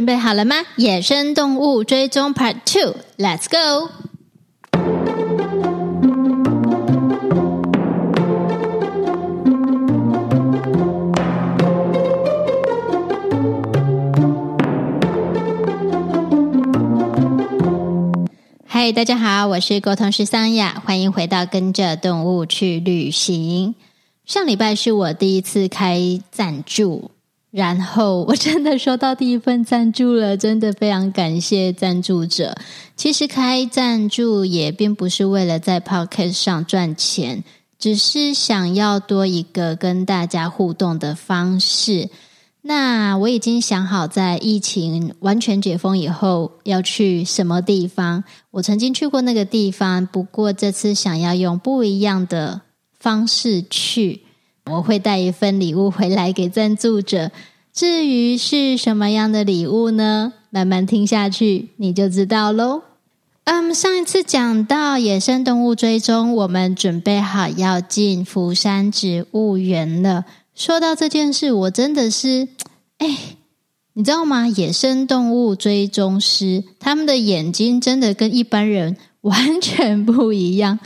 準備好了嗎？野生動物追蹤 Part Two，Let's go！嗨，hey, 大家好，我是溝通師桑雅，歡迎回到跟着動物去旅行。上禮拜是我第一次開贊助。然後我真的收到第一份贊助了，真的非常感謝贊助者。其實開贊助也並不是為了在 Podcast 上賺錢，只是想要多一個跟大家互動的方式。那我已經想好在疫情完全解封以後要去什麼地方。我曾經去過那個地方，不過這次想要用不一樣的方式去。我會帶一份禮物回來給贊助者，至於是什麼樣的禮物呢？慢慢聽下去，你就知道嘍。嗯，um，上一次講到野生動物追蹤，我們準備好要進福山植物園了。說到這件事，我真的是，哎，你知道嗎？野生動物追蹤師，他們的眼睛真的跟一般人完全不一樣。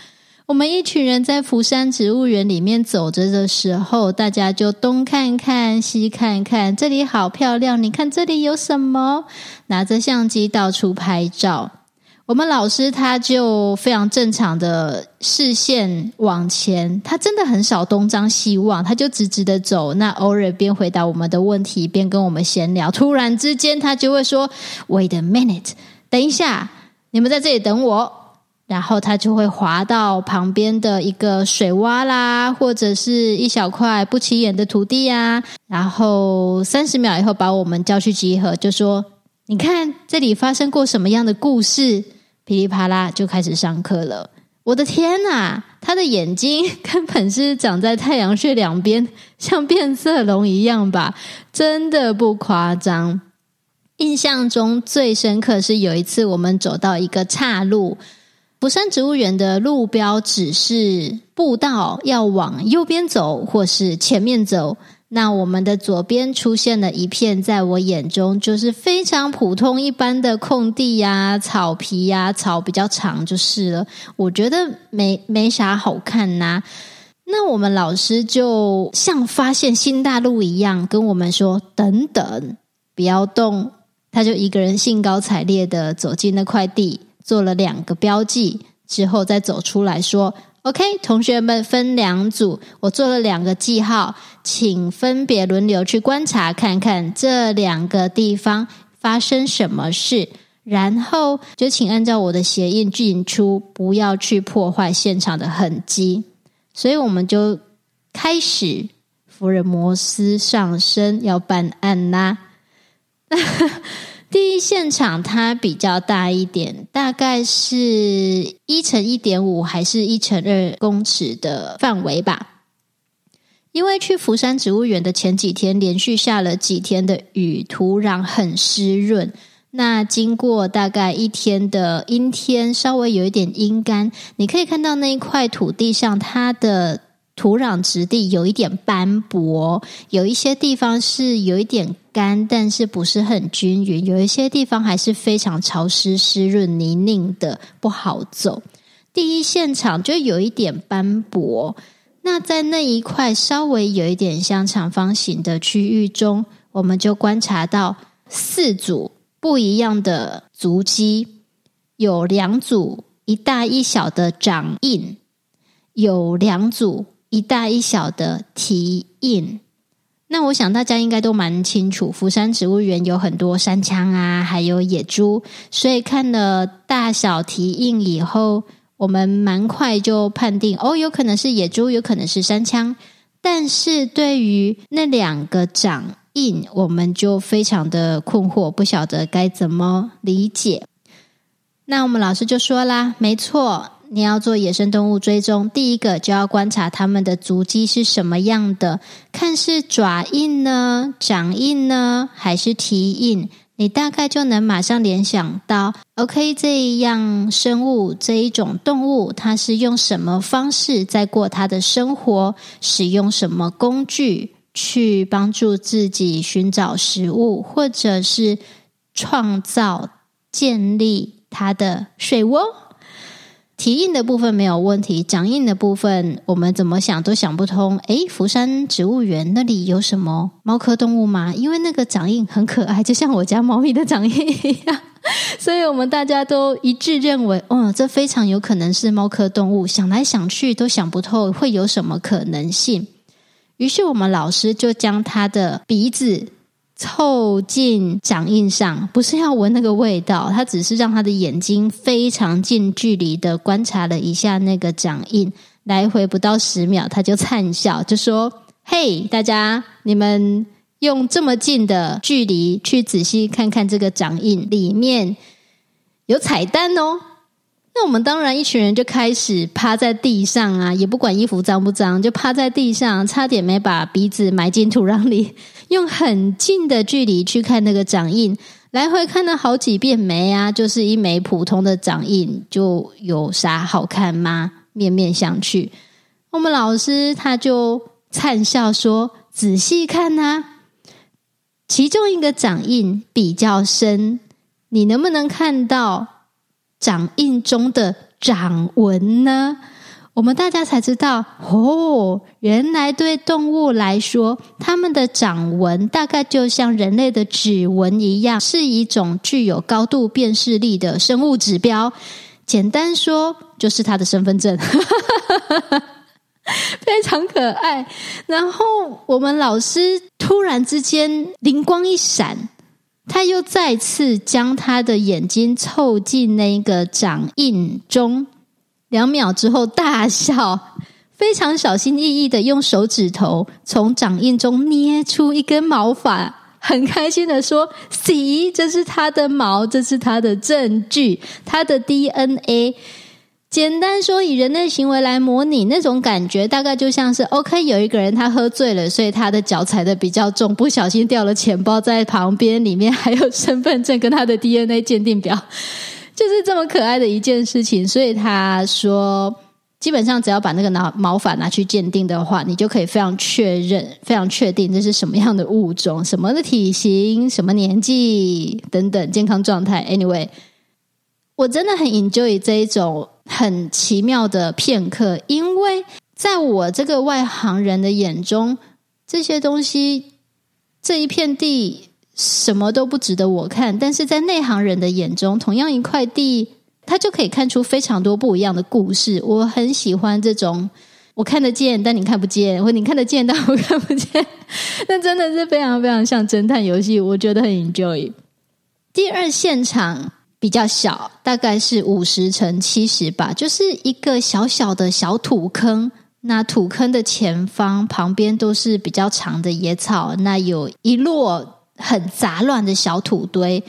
我們一群人在福山植物園裡面走着的時候，大家就東看看、西看看，這裡好漂亮！你看這裡有什麼？拿着相機到處拍照。我們老師他就非常正常的視線往前，他真的很少東張西望，他就直直的走。那偶爾邊回答我們的問題，邊跟我們閒聊。突然之間，他就會說：“Wait a minute，等一下，你們在這裡等我。”然後他就會滑到旁邊的一個水洼啦，或者是一小塊不起眼的土地呀。然後三十秒以後把我們叫去集合，就說：“你看這裡發生過什麼樣的故事？”噼里啪啦就開始上課了。我的天哪，他的眼睛根本是長在太陽穴兩邊，像變色龍一樣吧？真的不誇張。印象中最深刻是有一次我們走到一個岔路。福山植物園的路標指示步道要往右邊走，或是前面走。那我們的左邊出現了一片，在我眼中就是非常普通一般的空地呀、啊，草皮呀、啊，草比較長就是了。我覺得沒沒啥好看吶、啊。那我們老師就像發現新大陸一樣，跟我們說：“等等，不要動。”他就一個人興高采烈的走進那塊地。做了兩個標記之後，再走出來說：“OK，同學們分兩組，我做了兩個記號，請分別輪流去觀察，看看這兩個地方發生什麼事。然後就請按照我的鞋印進出，不要去破壞現場的痕跡。所以我們就開始，福爾摩斯上身要辦案啦。 ”第一現場它比較大一點，大概是一乘一點五還是一乘二公尺的範圍吧。因為去福山植物園的前幾天連續下了幾天的雨，土壤很濕潤。那經過大概一天的陰天，稍微有一點陰乾，你可以看到那一塊土地上它的。土壤質地有一點斑駁，有一些地方是有一點乾，但是不是很均勻；有一些地方還是非常潮濕、濕潤、泥濘的，不好走。第一現場就有一點斑駁，那在那一塊稍微有一點像長方形的區域中，我們就觀察到四組不一樣的足跡，有兩組一大一小的掌印，有兩組。一大一小的蹄印，那我想大家應該都蠻清楚，福山植物園有很多山羌啊，還有野豬，所以看了大小蹄印以後，我們蠻快就判定，哦，有可能是野豬，有可能是山羌，但是對於那兩個掌印，我們就非常的困惑，不曉得該怎麼理解。那我們老師就說啦，沒錯。你要做野生動物追蹤，第一個就要觀察它們的足跡是什麼樣的。看是爪印呢、掌印呢，還是蹄印，你大概就能馬上聯想到。OK，這一樣生物、這一種動物，它是用什麼方式在過它的生活？使用什麼工具去幫助自己尋找食物，或者是創造建立它的水窩？蹄印的部分沒有問題，掌印的部分我們怎麼想都想不通。哎，福山植物園那裡有什麼貓科動物嗎？因為那個掌印很可愛，就像我家貓咪的掌印一樣，所以我們大家都一致認為，哦，這非常有可能是貓科動物。想來想去都想不透會有什麼可能性，於是我們老師就將它的鼻子。湊近掌印上，不是要聞那個味道，他只是讓他的眼睛非常近距離的觀察了一下那個掌印，來回不到十秒，他就燦笑，就說：“嘿，hey，大家，你們用這麼近的距離去仔細看看這個掌印，裡面有彩蛋哦。”那我們當然一群人就開始趴在地上啊，也不管衣服髒不髒，就趴在地上，差點沒把鼻子埋進土壤裡，用很近的距離去看那個掌印，來回看了好幾遍沒啊，就是一枚普通的掌印，就有啥好看嗎？面面相覷，我們老師他就燦笑說：“仔細看啊，其中一個掌印比較深，你能不能看到？”掌印中的掌紋呢？我們大家才知道，哦，原來對動物來說，它們的掌紋大概就像人類的指紋一樣，是一種具有高度辨識力的生物指標。簡單說，就是它的身份證。哈哈哈哈哈哈，非常可愛。然後，我們老師突然之間靈光一閃，他又再次將他的眼睛湊進那一個掌印中，兩秒之後大笑，非常小心翼翼地用手指頭從掌印中捏出一根毛髮，很開心的說 s 這是他的毛，這是他的證據，他的 DNA。”簡單說，以人類行為來模擬那種感覺，大概就像是 OK，有一個人他喝醉了，所以他的腳踩的比較重，不小心掉了錢包在旁邊，裡面還有身份證跟他的 DNA 鑑定表， 就是這麼可愛的一件事情。所以他說，基本上只要把那個拿毛髮拿去鑑定的話，你就可以非常確認、非常確定這是什麼樣的物種、什麼的體型、什麼年紀等等健康狀態。Anyway，我真的很 enjoy 這一種。很奇妙的片刻，因為在我這個外行人的眼中，這些東西這一片地什麼都不值得我看。但是在內行人的眼中，同樣一塊地，他就可以看出非常多不一樣的故事。我很喜歡這種我看得見但你看不見，或你看得見但我看不見，那 真的是非常非常像偵探遊戲，我覺得很 enjoy。第二現場。比較小，大概是五十乘七十吧，就是一個小小的小土坑。那土坑的前方、旁邊都是比較長的野草，那有一摞很雜亂的小土堆。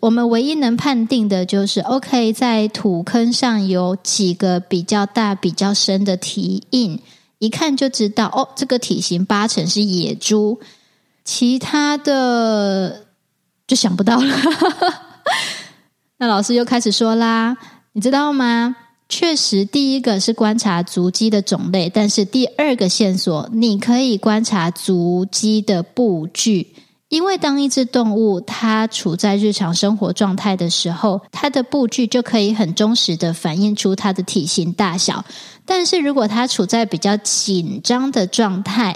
我們唯一能判定的就是，OK，在土坑上有幾個比較大、比較深的蹄印，一看就知道，哦，這個體型八成是野豬，其他的就想不到了。 那老師又開始說啦，你知道嗎？確實，第一個是觀察足跡的種類，但是第二個線索，你可以觀察足跡的布局。因為當一隻動物它處在日常生活狀態的時候，它的布局就可以很忠實的反映出它的體型大小。但是如果它處在比較緊張的狀態，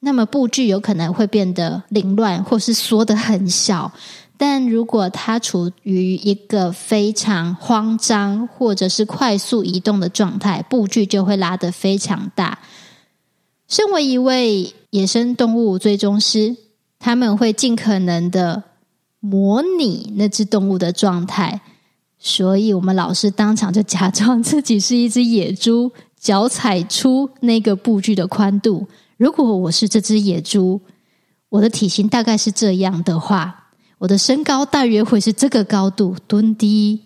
那麼布局有可能會變得凌亂，或是縮得很小。但如果它處於一個非常慌張或者是快速移動的狀態，步距就會拉得非常大。身為一位野生動物追蹤師，他們會盡可能的模擬那隻動物的狀態，所以我們老師當場就假裝自己是一隻野豬，腳踩出那個步距的寬度。如果我是這隻野豬，我的體型大概是這樣的話。我的身高大約會是這個高度，蹲低。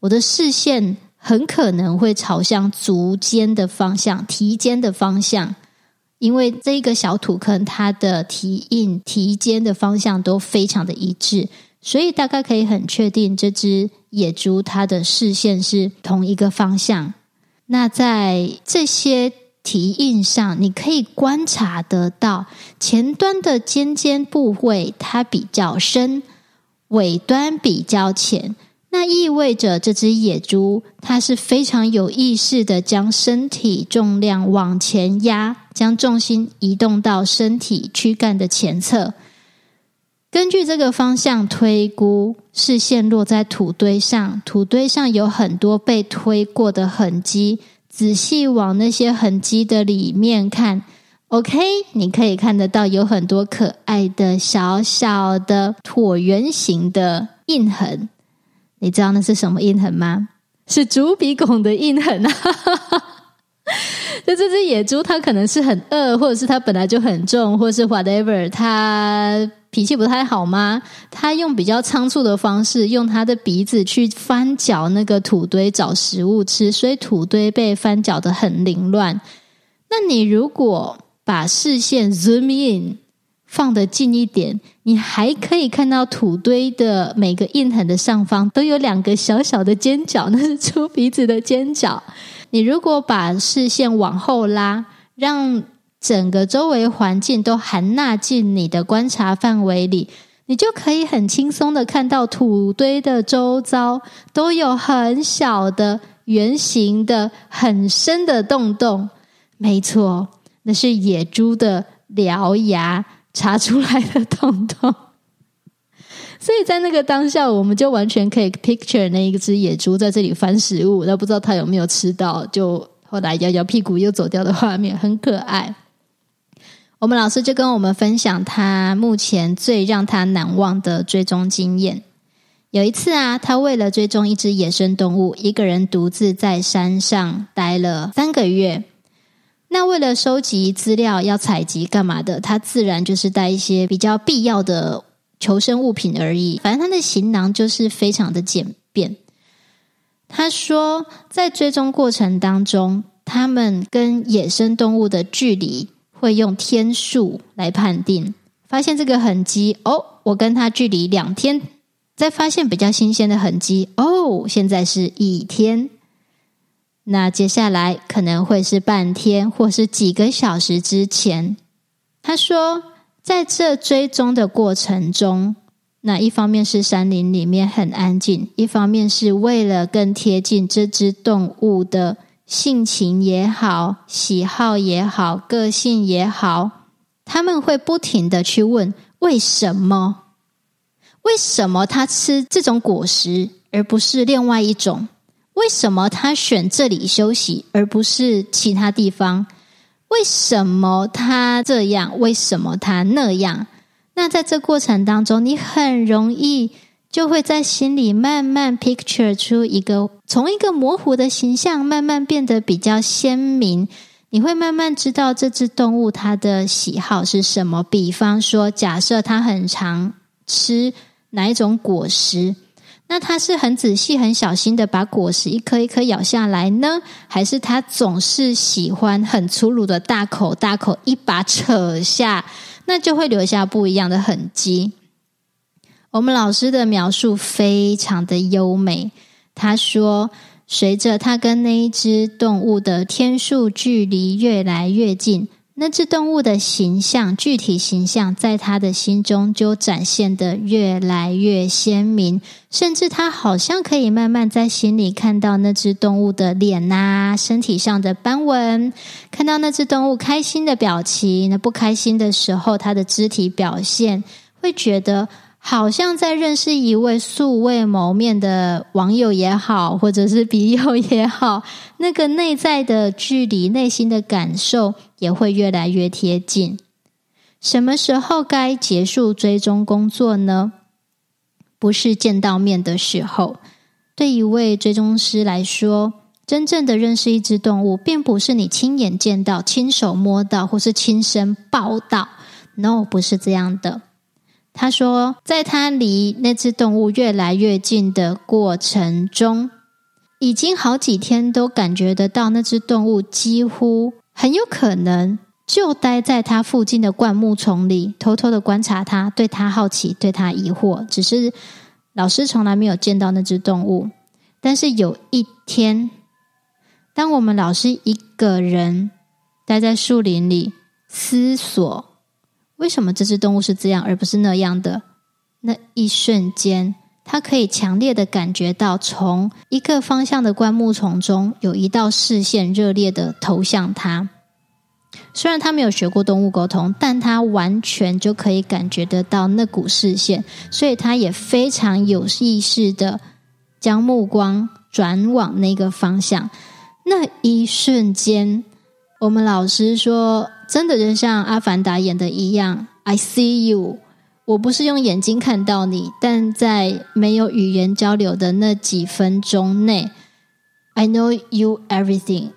我的視線很可能會朝向足尖的方向、蹄尖的方向，因為這一個小土坑它的蹄印、蹄尖的方向都非常的一致，所以大概可以很確定這隻野豬它的視線是同一個方向。那在這些蹄印上，你可以觀察得到，前端的尖尖部位它比較深，尾端比較淺。那意味着這隻野豬它是非常有意識的將身體重量往前壓，將重心移動到身體軀幹的前側。根據這個方向推估，視線落在土堆上，土堆上有很多被推過的痕跡。仔細往那些痕迹的裡面看，OK，你可以看得到有很多可愛的小小的橢圓形的印痕。你知道那是什麼印痕嗎？是豬鼻拱的印痕啊！就 這只野豬，它可能是很餓，或者是它本來就很重，或是 whatever，它。脾氣不太好嗎？他用比較倉促的方式，用他的鼻子去翻攪那個土堆找食物吃，所以土堆被翻攪得很凌亂。那你如果把視線 zoom in 放得近一點，你還可以看到土堆的每個印痕的上方都有兩個小小的尖角，那是豬鼻子的尖角。你如果把視線往後拉，讓整個周圍環境都含納進你的觀察範圍裡，你就可以很輕鬆的看到土堆的周遭都有很小的圓形的很深的洞洞。沒錯，那是野豬的獠牙插出來的洞洞。所以在那個當下，我們就完全可以 picture 那一隻野豬在這裡翻食物，那不知道它有沒有吃到，就後來搖搖屁股又走掉的畫面，很可愛。我們老師就跟我們分享他目前最讓他難忘的追蹤經驗。有一次啊，他為了追蹤一隻野生動物，一個人獨自在山上待了三個月。那為了收集資料，要採集幹嘛的？他自然就是帶一些比較必要的求生物品而已。反正他的行囊就是非常的簡便。他說，在追蹤過程當中，他們跟野生動物的距離，會用天數來判定，發現這個痕跡哦，我跟它距離兩天，再發現比較新鮮的痕跡哦，現在是一天，那接下來可能會是半天，或是幾個小時之前。他說，在這追蹤的過程中，那一方面是山林裡面很安靜，一方面是為了更貼近這隻動物的。性情也好，喜好也好，個性也好，他們會不停地去問：為什麼？為什麼他吃這種果實而不是另外一種？為什麼他選這裡休息而不是其他地方？為什麼他這樣？為什麼他那樣？那在這過程當中，你很容易。就會在心裡慢慢 picture 出一個，從一個模糊的形象慢慢變得比較鮮明。你會慢慢知道這隻動物它的喜好是什麼。比方說，假設它很常吃哪一種果實，那它是很仔細、很小心的把果實一顆一顆咬下來呢？還是它總是喜歡很粗魯的大口大口一把扯下？那就會留下不一樣的痕跡。我們老師的描述非常的優美。他說，隨着他跟那一只動物的天數距離越來越近，那只動物的形象、具體形象，在他的心中就展現得越來越鮮明。甚至他好像可以慢慢在心裡看到那只動物的臉吶、啊，身體上的斑紋，看到那只動物開心的表情，那不開心的時候，它的肢體表現，會覺得。好像在認識一位素未謀面的網友也好，或者是筆友也好，那個內在的距離、內心的感受也會越來越貼近。什麼時候該結束追蹤工作呢？不是見到面的時候。對一位追蹤師來說，真正的認識一隻動物，並不是你親眼見到、親手摸到或是親身抱到。No，不是這樣的。他說，在他離那隻動物越來越近的過程中，已經好幾天都感覺得到那隻動物幾乎很有可能就待在他附近的灌木叢裡，偷偷的觀察他，對他好奇，對他疑惑。只是老師從來沒有見到那隻動物，但是有一天，當我們老師一個人待在樹林裡思索。為什麼這隻動物是這樣而不是那樣的？那一瞬間，他可以強烈的感覺到，從一個方向的灌木叢中有一道視線熱烈的投向他。雖然他沒有學過動物溝通，但他完全就可以感覺得到那股視線，所以他也非常有意識的將目光轉往那個方向。那一瞬間，我們老師說。真的就像《阿凡達》演的一樣，I see you，我不是用眼睛看到你，但在沒有語言交流的那幾分鐘內，I know you everything，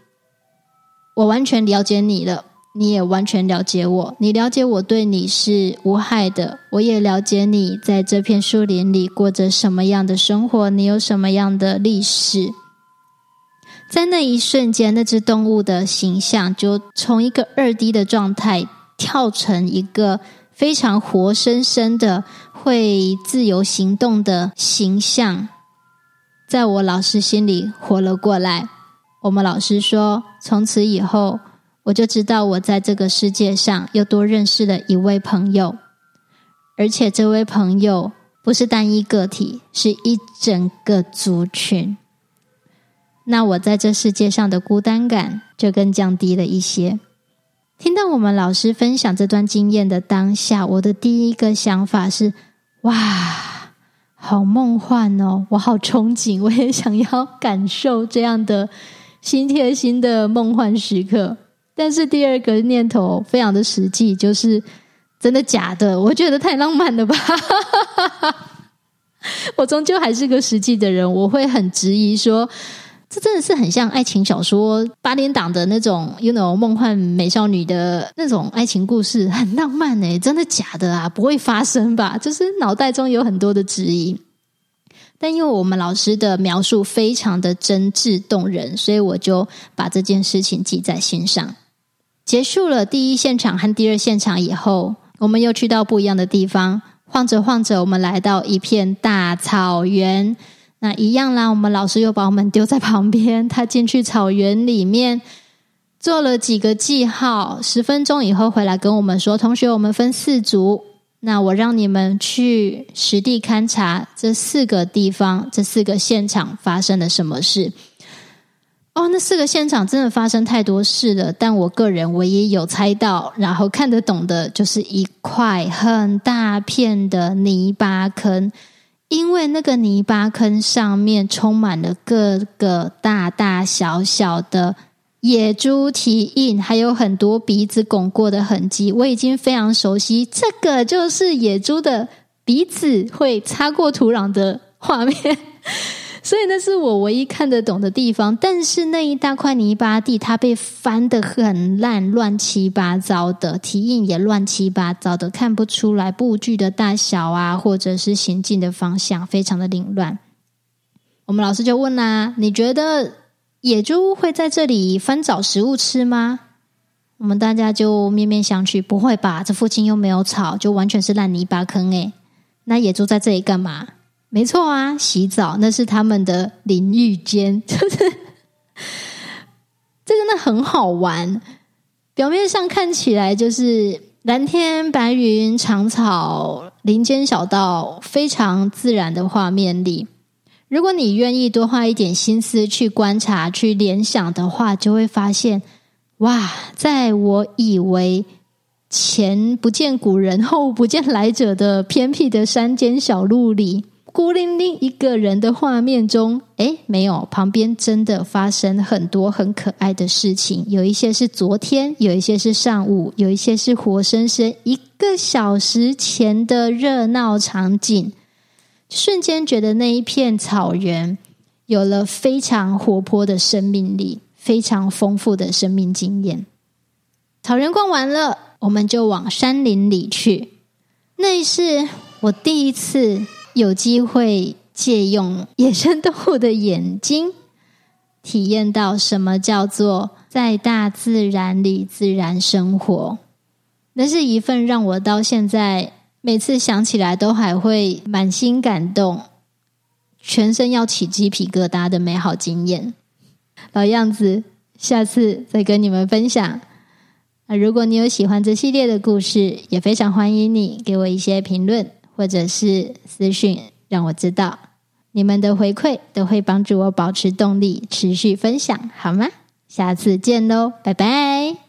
我完全了解你了，你也完全了解我，你了解我對你是無害的，我也了解你在這片樹林裡過着什麼樣的生活，你有什麼樣的歷史。在那一瞬間，那隻動物的形象就從一個二 D 的狀態跳成一個非常活生生的、會自由行動的形象，在我老師心裡活了過來。我們老師說：“從此以後，我就知道我在這個世界上又多認識了一位朋友，而且這位朋友不是單一個體，是一整個族群。”那我在這世界上的孤單感就更降低了一些。聽到我們老師分享這段經驗的當下，我的第一個想法是：哇，好夢幻哦！我好憧憬，我也想要感受這樣的心貼心的夢幻時刻。但是第二個念頭非常的實際，就是真的假的？我覺得太浪漫了吧！ 我終究還是個實際的人，我會很質疑說。這真的是很像愛情小說八點檔的那種 you know 夢幻美少女的那種愛情故事，很浪漫哎、欸！真的假的啊？不會發生吧？就是腦袋中有很多的質疑。但因為我們老師的描述非常的真摯動人，所以我就把這件事情記在心上。結束了第一現場和第二現場以後，我們又去到不一樣的地方，晃着晃着，我們來到一片大草原。那一樣啦，我們老師又把我們丟在旁邊。他進去草原裡面做了幾個記號，十分鐘以後回來跟我們說：“同學，我們分四組，那我讓你們去實地勘察這四個地方，這四個現場發生了什麼事？”哦，那四個現場真的發生太多事了。但我個人唯一有猜到，然後看得懂的，就是一塊很大片的泥巴坑。因為那個泥巴坑上面充滿了各個大大小小的野豬蹄印，還有很多鼻子拱過的痕迹。我已經非常熟悉，這個就是野豬的鼻子會擦過土壤的畫面。所以那是我唯一看得懂的地方，但是那一大塊泥巴地，它被翻得很爛，亂七八糟的，蹄印也亂七八糟的，看不出來步距的大小啊，或者是行進的方向，非常的凌亂。我們老師就問啦、啊：“你覺得野豬會在這裡翻找食物吃嗎？”我們大家就面面相覷：“不會吧，這附近又沒有草，就完全是爛泥巴坑誒、欸，那野豬在這裡幹嘛？”沒錯啊，洗澡那是他們的淋浴間，就 是這真的很好玩。表面上看起來就是藍天白雲、長草林間小道，非常自然的畫面裡。如果你願意多花一點心思去觀察、去聯想的話，就會發現，哇，在我以為前不見古人、後不見來者的偏僻的山間小路裡。孤零零一個人的畫面中，誒，沒有，旁邊真的發生很多很可愛的事情。有一些是昨天，有一些是上午，有一些是活生生一個小時前的熱鬧場景。瞬間覺得那一片草原有了非常活潑的生命力，非常豐富的生命經驗。草原逛完了，我們就往山林裡去。那是我第一次。有機會借用野生動物的眼睛，體驗到什麼叫做在大自然裡自然生活，那是一份讓我到現在每次想起來都還會滿心感動、全身要起雞皮疙瘩的美好經驗。老樣子，下次再跟你們分享。啊，如果你有喜歡這系列的故事，也非常歡迎你給我一些評論。或者是私訊讓我知道你們的回饋，都會幫助我保持動力，持續分享，好嗎？下次見嘍，拜拜。